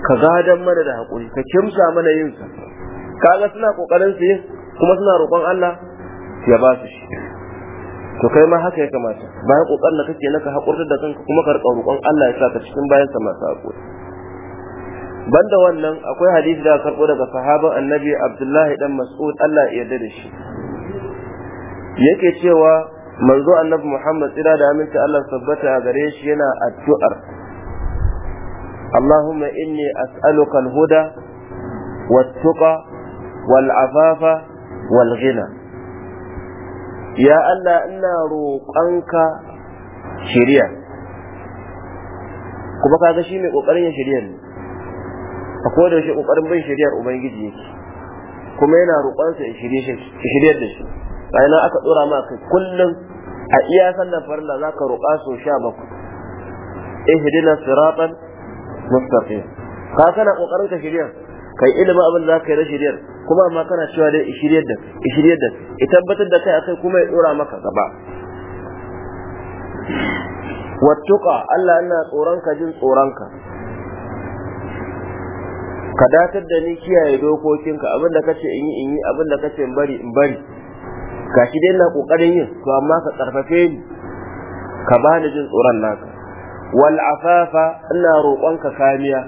ka gadan mana da hakuri, ka kimsa mana yin sa kaga suna kokarin su yin kuma suna roƙon Allah ya ba su shi to kai ma haka ya kamata bayan kokarin da kake naka haƙurtar da kanka kuma ka roƙon Allah ya saka cikin bayan sa masu hakuri banda wannan akwai hadisi da karɓo daga sahaban annabi Abdullahi dan Mas'ud Allah ya yarda da shi yake cewa manzo annabi Muhammad tsira da Aminta Allah sabbata a gare shi yana addu'ar اللهم إني أسألك الهدى والتقى والعفاف والغنى يا الله إنا روقانك شريا kuma ka ga shi mai kokarin ya ne a koda shi kokarin bin shiryar ubangiji yake kuma yana roƙonsa ya shirye shi shiryar da shi bayan aka dora ma kai kullum a iya sannan farilla zaka roƙa so 17 ihdina siratan mustaqim ka kana kokarin ka shirya kai ilimin abin da kai na shiryar kuma amma kana cewa dai shiryar da shiryar da ya tabbatar da kai akai kuma ya dora maka gaba wattuqa Allah ina tsoron ka jin tsoron ka ka datar da ni kiyaye dokokinka abinda kace in yi in yi abinda kace in bari in bari shi dai ina kokarin yin to amma ka karfafe ni ka bani jin tsoron naka wal afafa ina roƙonka kamiya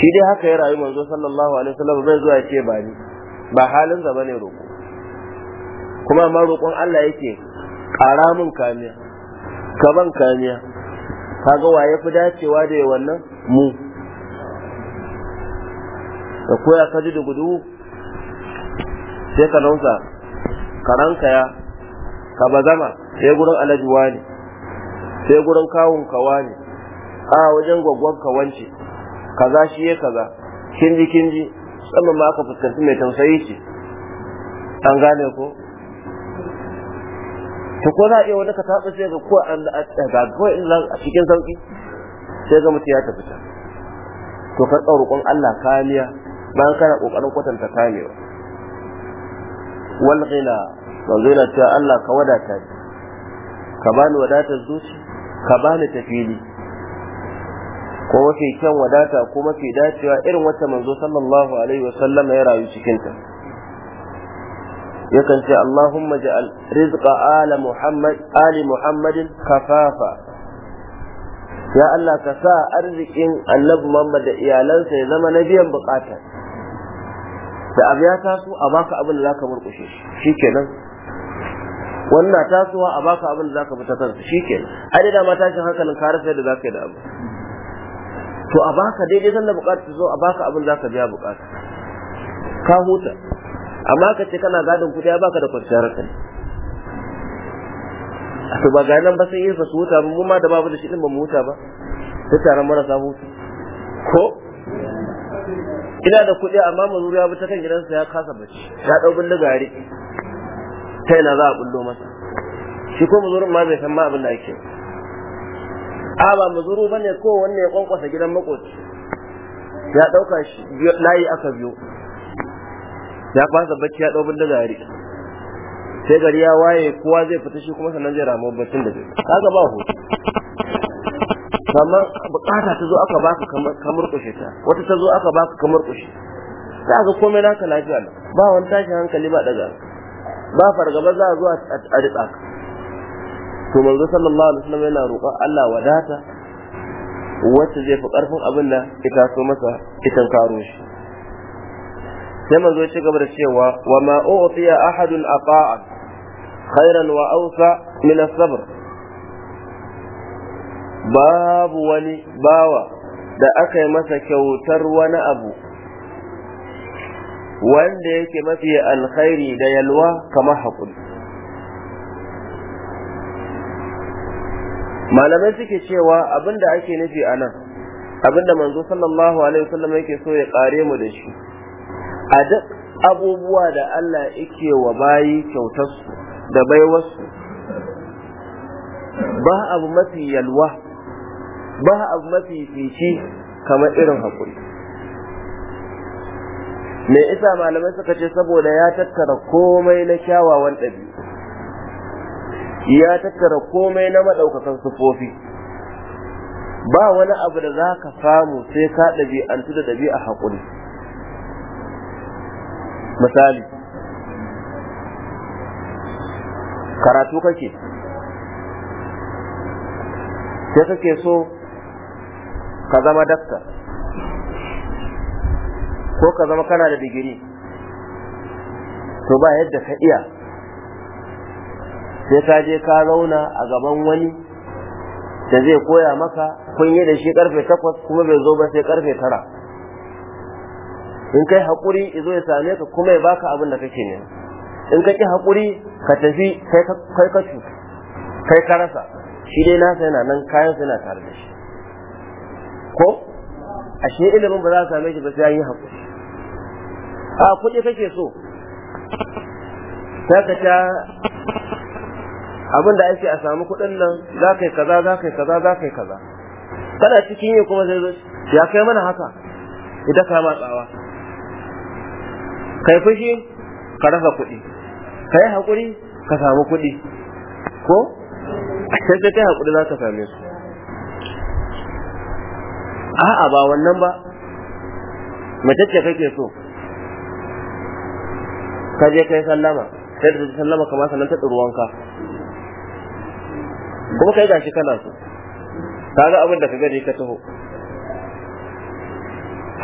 shi dai haka ya rayu manzo sallallahu alaihi wasallam bai zuwa ce ba ni ba halin zama ne roƙo kuma ma roƙon Allah yake ƙara min kamiya ka ban kamiya kaga wa ya fi dacewa da wannan mu ka koya ka ji da gudu sai ka nausa ka ya ka bazama sai gurin alajuwa ne sai gurin kawun kawa ne a wajen gwaggwan kawance kaza shi ya kaza kinji kinji sama ma aka fuskanci mai tausayi ce an gane ko to ko za a iya wani ka tatsa sai ga kuwa an ga kawai in a cikin sauki sai ga mutu ya tafi ta to ka tsaro roƙon Allah kariya bayan kana kokarin kwatanta kamewa wal ghina wal gina cewa Allah ka wadata ka bani wadatar zuci ka bani tafili ko mafi kyan wadata ko mafi dacewa irin wacce manzo sallallahu alaihi sallama ya rayu cikin ta yakan ce Allahumma ja'al rizqa ala Muhammad ali Muhammadin kafafa ya Allah ka sa arzikin Annabi Muhammad da iyalansa ya zama na biyan bukata da abu ya taso a baka abin da zaka murkushe shi kenan wannan tasowa a baka abin da zaka fita kansa shike ai da ma tashin hankalin ka rasa yadda zaka yi da abu to a baka daidai zan da bukata ta zo a baka abin da zaka biya bukata ka huta amma ka ce kana gadin kudi ya baka da kwanciyar hankali to ba ga nan ba sai yin su huta mu ma da babu da shi din ba mu huta ba ta taron marasa hutu ko ina da kuɗi amma mazuriya ba ta kan gidansa ya kasa bacci ya dau bindiga ya riƙe ta yana za a bullo masa shi ko muzuru ma bai san ma abin da ake a ba muzuru ba ne ko wanne ya kwankwasa gidan makoci ya ɗauka shi layi aka biyo ya fasa bacci ya ɗau da gari sai gari ya waye kowa zai fita shi kuma sannan zai ramu baccin da zai kaga ba hoto kamar bukata ta zo aka baka kamar kushe ta wata ta zo aka baka kamar kushe za ga komai naka lafiya ba wani tashin hankali ba daga ba fargaba za a zuwa a riƙa ka to manzo sallallahu alaihi wasallam yana roƙon Allah wadata wacce zai fi ƙarfin abin da ita so masa ita karo shi sai manzo ya ci gaba da cewa wa ma utiya ahadun ata'a khairan wa awsa min as-sabr babu wani bawa da aka yi masa kyautar wani abu wanda yake mafi alkhairi da yalwa kama haƙuri malamai suke cewa abinda ake nufi a nan abinda manzo sallallahu alaihi wasallam yake so ya ƙare mu da shi a duk abubuwa da Allah yake wa bayi kyautarsu da baiwarsu ba abu mafi yalwa ba abu mafi fici kamar irin haƙuri me isa malamai suka ce saboda ya tattara komai na kyawawan ɗabi'u ya tattara komai na maɗaukakan sufofi ba wani abu da za ka samu sai ka ɗabi'antu da ɗabi'a haƙuri misali karatu kake sai kake so ka zama daktar ko ka zama kana da digiri to ba yadda ka iya sai ka je ka zauna a gaban wani da zai koya maka kun yi da shi karfe takwas kuma bai zo ba sai karfe tara in kai haƙuri izo ya same ka kuma ya baka abin da kake nema in ka ƙi haƙuri ka tafi kai ka cuta kai ka rasa shi dai nasa yana nan kayan suna tare da shi ko ashe ilimin ba za ka same shi ba sai yi hakuri a kuɗi kake so sai ka ta abin da ake a samu kuɗin nan za ka yi kaza za ka yi kaza za ka yi kaza kana cikin yi kuma zai zo ya kai mana haka idan ka matsawa kai fushi ka rasa kuɗi ka yi haƙuri ka samu kuɗi ko sai kai haƙuri za ka same su a'a ba wannan ba mace ce kake so ka je kai sallama sai da sallama kamar sanan ta ka kuma kai gashi kana so kaga abin da kaga ne ka taho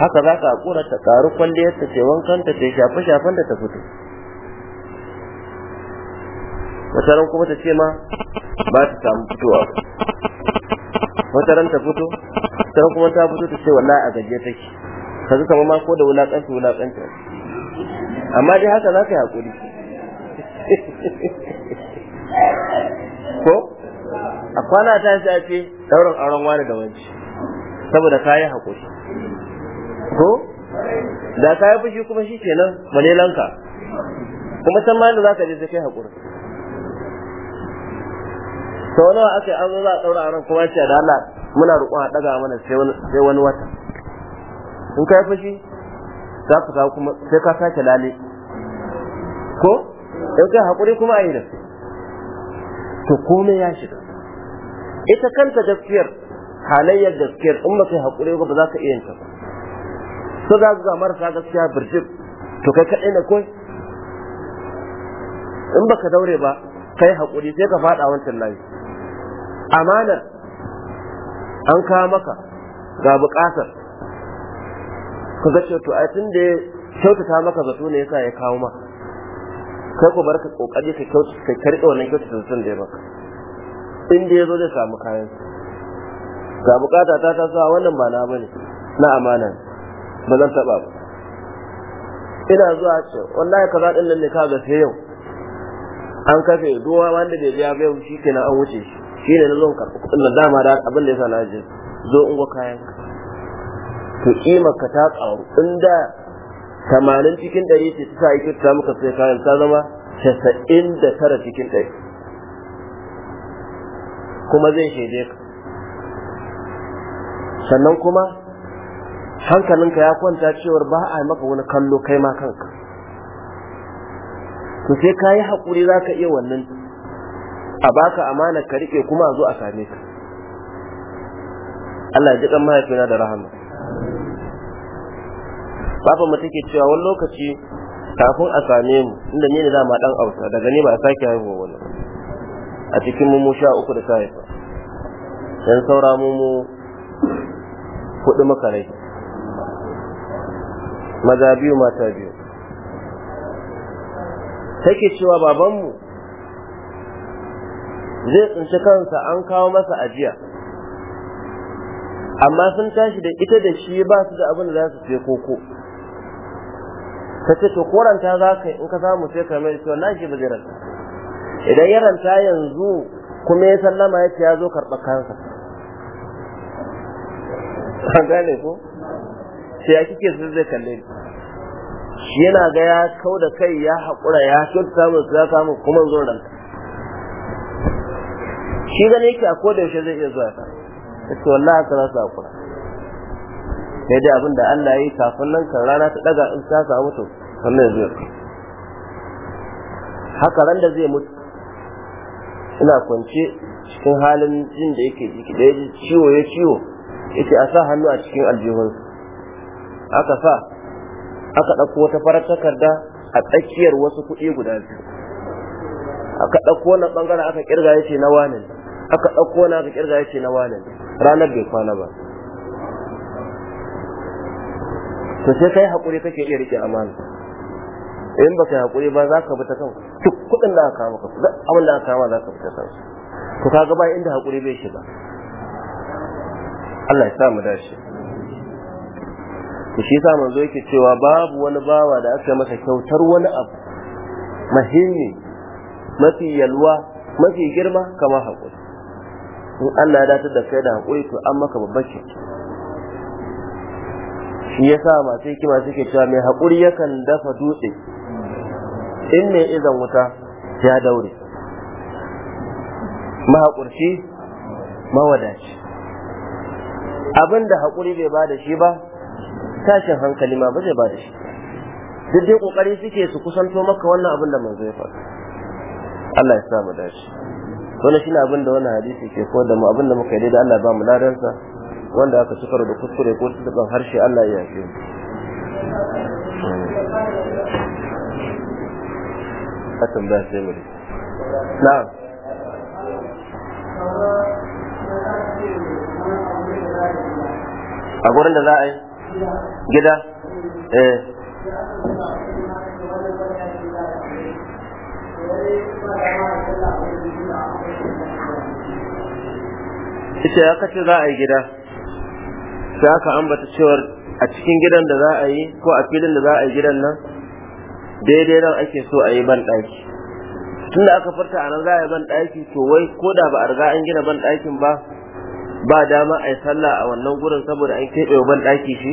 haka za ka hakura ta karu kwalliyar ta ce wankan ta ce shafe shafen da ta fito wata kuma ta ce ma ba ta samu fitowa wata ran ta fito sai kuma ta fito ta ce wallahi a gaje take ka zuka ma ko da wulakanci wulakanci amma dai haka za ka yi hakuri ko a kwana ta sai ce daurin auren wani da wani? saboda ka yi hakuri ko da ka yi fushi kuma shi kenan malelanka kuma san ma da za ka je sai kai hakuri sau nawa aka yi an zo za a ɗaura ran kuma ce da Allah muna roƙon a ɗaga mana sai wani wata in ka yi fushi za ku kawo kuma sai ka sake lale ko in kai haƙuri kuma a yi da su to komai ya shiga ita kanta gaskiyar halayyar gaskiyar in ba kai haƙuri ba za ka iya ta ba so za ga marasa gaskiya birjib to kai kaɗai na koi in baka daure ba kai haƙuri sai ka faɗa wancan layi amanar an kawo maka ga bukatar ka ga to a tun da ya kyautata maka zato ne yasa ya kawo maka kai ku bar ka kokari ka kyautata ka karɓe wannan kyautata zaton da ya maka in da ya zo zai samu kayan ga bukata ta ta zuwa wannan ba na bane na amana ba zan taba ba ina zuwa ce wallahi kaza din nan ne ka ga sai yau an kafe duwa wanda bai biya bai shi kenan an wuce shi shi ne na zo karɓi kuɗin na dama da abin da ya sa na je zo in go kayan to kima ka ta ƙaru in da tamanin cikin ɗari ce ta sa ya kyauta muka sai kayan ta zama casa'in da tara cikin ɗari kuma zai shaide ka sannan kuma hankalinka ya kwanta cewar ba a maka wani kallo kai ma kanka to sai ka yi haƙuri za ka iya wannan a baka amana ka rike kuma a zo a same ka Allah ji kan mahaifina da rahama Baba mu take cewa wani lokaci kafin a same mu inda ni ne za mu dan auta daga ni ba a sake haihuwa wani a cikin mu sha uku da sai haifa dan saura mu mu hudu muka rai maza biyu mata biyu take cewa babanmu zai tsinci kansa an kawo masa ajiya amma sun tashi da ita da shi ba su da abin da za su ce koko ta ce to koranta za ka in ka samu sai ka mai cewa na ji ba zai idan ya ranta yanzu kuma ya sallama ya ce ya zo karɓar kansa an gane ko sai ya kike su zai kalle ni yana ga ya kau da kai ya haƙura ya kyautata su ya samu kuma zo ranta shi gane yake a koda yaushe zai iya zuwa ta ce wallahi haka za su hakura sai dai abin da Allah yi kafin nan kan rana ta daga in ta samu to wannan zai haka ran da zai mutu ina kwance cikin halin jin da yake jiki da yaji ciwo ya ciwo yake a sa hannu a cikin aljihun aka sa aka ɗauko wata farar takarda a tsakiyar wasu kuɗi guda biyu aka ɗauko wannan ɓangaren aka ƙirga yace na wane ne aka ɗauko na aka kirga ya ce na wane ranar bai kwana ba to sai kai haƙuri kake iya rike amana in ba kai haƙuri ba za ka bi ta kanka duk kuɗin da aka kama ka duk abin da aka kama za ka bi ta kanka to kaga ba inda haƙuri bai shiga Allah ya sa mu dace to shi yasa manzo yake cewa babu wani bawa da aka masa kyautar wani abu muhimmi mafi yalwa mafi girma kamar haƙuri in Allah ya datar da kai da haƙuri to an maka babban kyauta shi sa masu hikima suke cewa mai haƙuri yakan dafa dutse in mai izan wuta ya daure mahaƙurci mawadaci abin da haƙuri bai bada shi ba tashin hankali ma ba zai shi duk dai ƙoƙari suke su kusanto maka wannan abin da manzo ya faɗa Allah ya sa mu dace wannan shine abin da wani hadisi ke ko da mu abin da muka yi da Allah ba mu ladansa wanda aka karo da kuskure ko tsibirin harshe Allah ya yi Na a tambaya a gurin da za a yi gida eh Thank you. ita ya kace za a yi gida sai aka ambata cewar a cikin gidan da za a yi ko a filin da za a yi gidan nan daidai nan ake so a yi ban tun da aka furta a nan za a yi ban to wai ko da ba a riga an gina ban ɗakin ba ba dama a yi sallah a wannan gurin saboda an keɓe ban ɗaki shi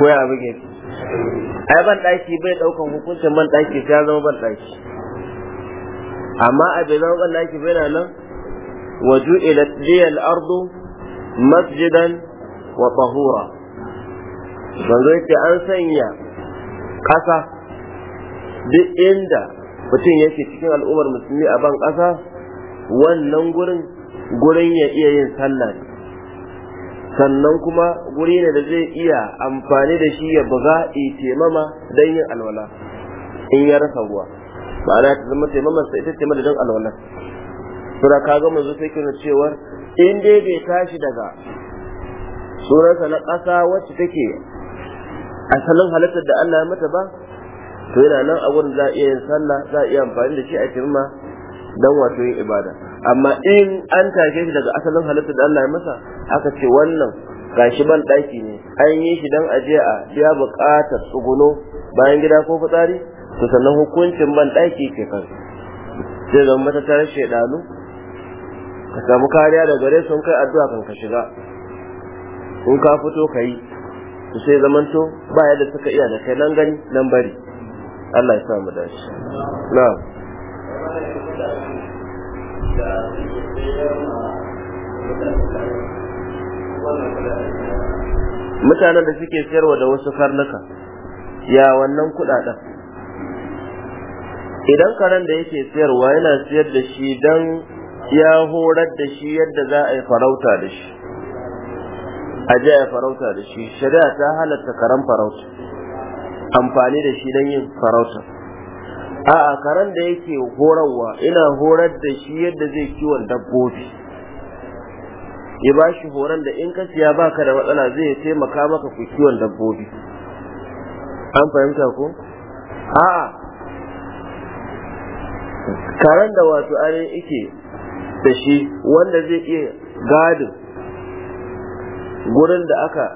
ko ya buge a ban ɗaki bai ɗaukan hukuncin ban ɗaki sai ya zama ban amma a bai zama ban ɗaki bai na nan وجعلت لي الأرض مسجدا وطهورا manzo yake an sanya ƙasa duk inda mutum yake cikin al'ummar musulmi a ban ƙasa wannan gurin gurin ya iya yin sallah sannan kuma guri ne da zai iya amfani da shi ya buga temama don yin alwala in ya rasa ruwa ma'ana ta zama temamar sa ita ce madadin alwala sura kaga manzo sai kira cewa in dai bai tashi daga surarsa na ƙasa wacce take asalin halittar da Allah ya mata ba to yana nan a wurin za a iya yin sallah za a iya amfani da shi a kirma dan wato yin ibada amma in an tashe shi daga asalin halittar da Allah ya masa aka ce wannan gashi ban ɗaki ne an yi shi dan aje a biya buƙatar tsuguno bayan gida ko fitsari to sannan hukuncin ban ɗaki ke kan sai zama matattarar shaidanu ka samu kariya da gare su kai addu'a kan ka shiga in ka fito ka yi su sai zamanto ba yadda suka iya da kai nan gani nan bari Allah ya sa mu dace na'am mutanen da suke sayarwa da wasu karnuka ya wannan kudaden idan karen da yake sayarwa yana sayar da shi don ya horar da shi yadda za a yi farauta da shi a ji ya farauta da shi shari'a ta halatta karan farauta amfani da shi don yin farauta a karan da yake horarwa ina horar da shi yadda zai kiwon dabbobi ya ba shi horon da in ka siya baka da matsala zai taimaka maka ku kiwon dabbobi an fahimta ko a'a karen da wato ainihin ike da shi wanda zai iya gadin gurin da aka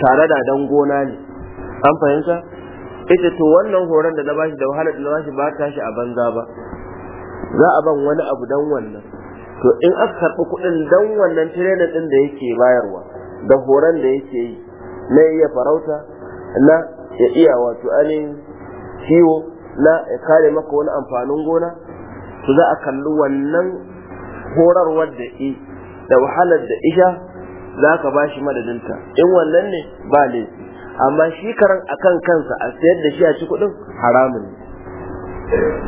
tare da dan gona ne an fahimta ita to wannan horon da na bashi da wahalar da na ba ta shi a banza ba za a ban wani abu dan wannan to in aka karɓi kuɗin dan wannan tirenin ɗin da yake bayarwa da horon da yake yi na iya farauta na ya iya wato ainihin kiwo na ya kare maka wani amfanin gona to za a kalli wannan horarwar da i da wahalar da isha za ka ba shi madadinta in wannan ne ba ne amma shi karan akan kansa a sayar da shi a ci kuɗin haramun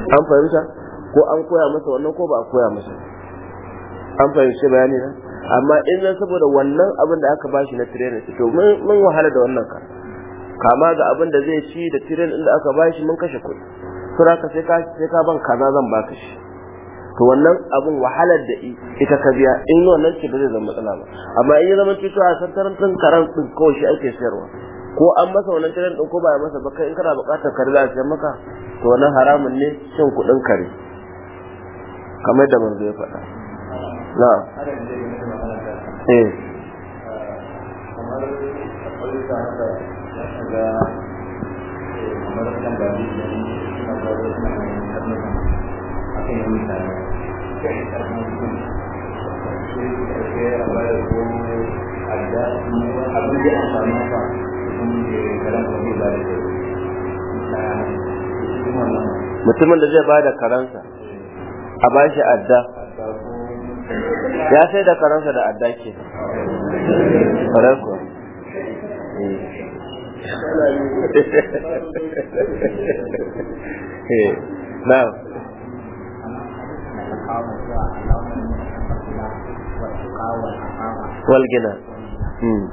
ne an fahimta ko an koya masa wannan ko ba a koya masa an fahimci bayani na amma in zan saboda wannan abin da aka bashi na shi to mun wahala da wannan ka kama ga abin da zai ci da tirena da aka bashi mun kashe kuɗi sura ka sai ka sai ka ban kaza zan baka shi to wannan abun wahalar da ita ka biya in wannan ce ba zai zama matsala ba amma in ya zama cewa a santaran tun karan din kawai shi ake sayarwa ko an masa wannan tiran din ko ba ya masa ba kai in kana buƙatar kare za a sayar maka to wannan haramun ne cin kuɗin kare kamar da manzo ya faɗa na eh kamar eh, abin da ya mutumin da zai bada karansa a bashi adda ya sai da karansa da adda ke eh. eh, na والغنى hmm.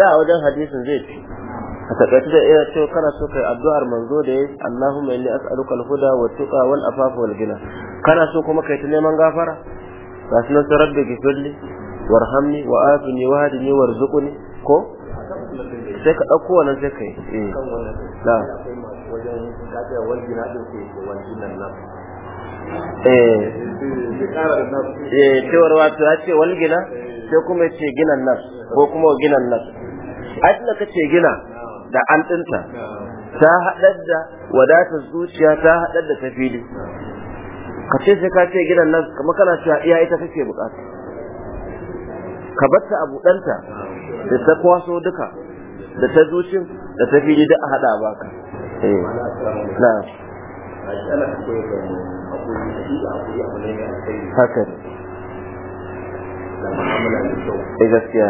a wajen hadisin zai fi da iya kana so kai addu'ar manzo da ya Allahumma inni as'aluka al-huda wa kana so kuma kai ta neman gafara ga sunan da gifirli warhamni wa ko sai ka ɗauko wannan sai ka yi eh. na wajen wani nan eh. eh cewar wato ya ce wani gina eh. sai kuma ya ce ginan nan ko kuma ginan nan ai ka ce gina da an ɗinta ta haɗar da wadatar zuciya ta haɗar da tafili ka ce sai ka ce ginan nan kamar kana cewa iya ita kake bukata ka bar ta a buɗanta da ta kwaso duka da ta zucin da ta fili da a hada baka eh na haka ne eh, gaskiya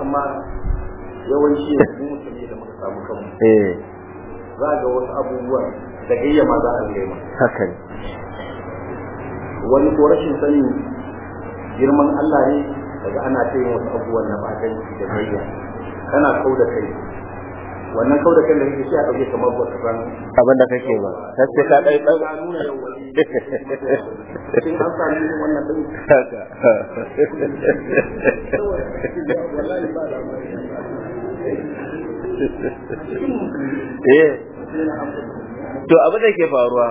amma yawanci mu mutane da muka samu kanmu eh za ga wasu abubuwa da gayya ma za a gaima haka ne wani ko rashin sanin girman Allah ne daga ana ta yin wasu abubuwan na baganci da gayya kana kau da kai wannan kau da kai da kake shi a ɗauke kamar ba ka san abin da kake ba sai sai ka dai ɗan nuna yau wani shin an sami irin wannan ɗin haka eh to abin da ke faruwa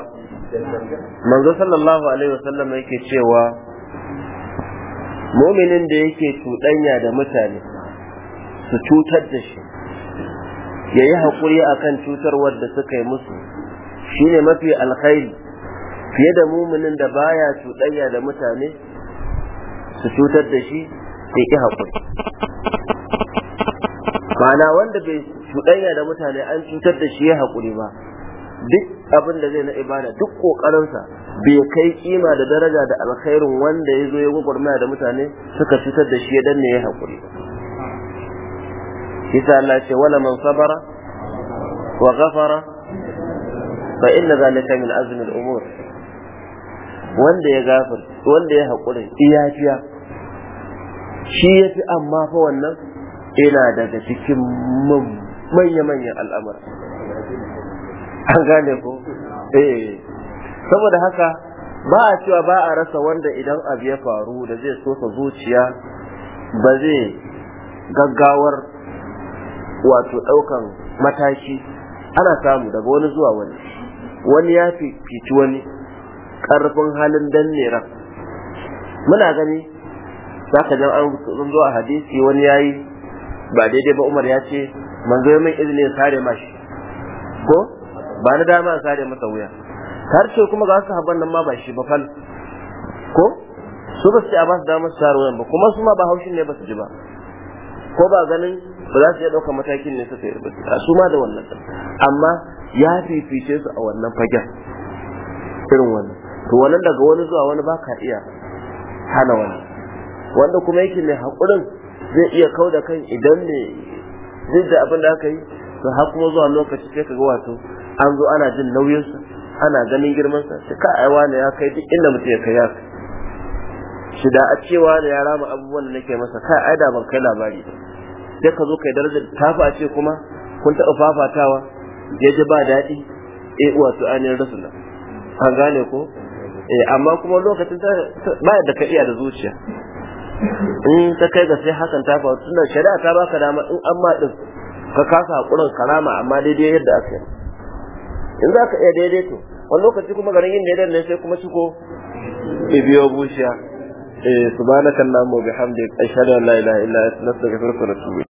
manzo sallallahu alaihi wasallam yake cewa muminin da yake cuɗanya da mutane su cutar da shi ya yi haƙuri a kan cutarwar da suka yi musu shi ne mafi alkhairi fiye da muminin da baya cuɗanya da mutane su cutar da shi ya yi haƙuri ma'ana wanda bai cuɗanya da mutane an cutar da shi ya haƙuri ba duk abin da zai na ibada duk kokarinsa bai kai kima da daraja da alkhairin wanda ya zo ya gwagwarmaya da mutane suka fitar da shi ya danne ya hakuri kisa Allah ce wala man sabara wa ghafara fa inna zalika min azmi al-umur wanda ya gafar wanda ya hakuri iyafiya shi yafi amma fa wannan ina daga cikin manya-manyan al'amura an gane ko eh saboda haka ba a cewa ba a rasa wanda idan abu ya faru da zai sosa zuciya ba zai gaggawar wato ɗaukan mataki ana samu daga wani zuwa wani wani ya fiti wani karfin halin danne ran muna gani za ka jan an zo a hadisi wani ya yi ba daidai ba umar ya ce manzo ya izinin sare mashi ko ba na dama a sare masa wuya ce kuma ga sahabban nan ma ba shi ba kan ko su ba su a ba su dama su sare wuyan ba kuma su ma ba haushin ne ba su ji ba ko ba ganin ba za su iya ɗaukar matakin ne suka ba a su ma da wannan amma ya fifice su a wannan fagen irin wannan to wannan daga wani zuwa wani ba ka iya hana wani wanda kuma yake mai haƙurin zai iya kau da kan idan ne duk da abin da aka yi to har kuma zuwa lokaci sai ka ga wato an zo ana jin nauyinsa ana ganin girmansa sai ka ai wani ya kai duk inda mutum ya kai ya shi da a cewa da ya rama abubuwan da nake masa ka ai da ban kai labari sai ka zo kai darajar tafi a ce kuma kun taɓa fafatawa je ji ba daɗi eh wato ainihin rasula an gane ko eh amma kuma lokacin ba da ka iya da zuciya in ta kai ga sai hakan ta faru tunda shari'a ta baka dama in amma din ka kasa hakurin karama amma daidai yadda aka yi in za ka iya daidaito wani lokaci kuma garin yin daidaito ne sai kuma ciko ya biyo bushiya namo eh, subhanakallahumma wa bihamdika ashhadu an la ilaha illa anta astaghfiruka wa atubu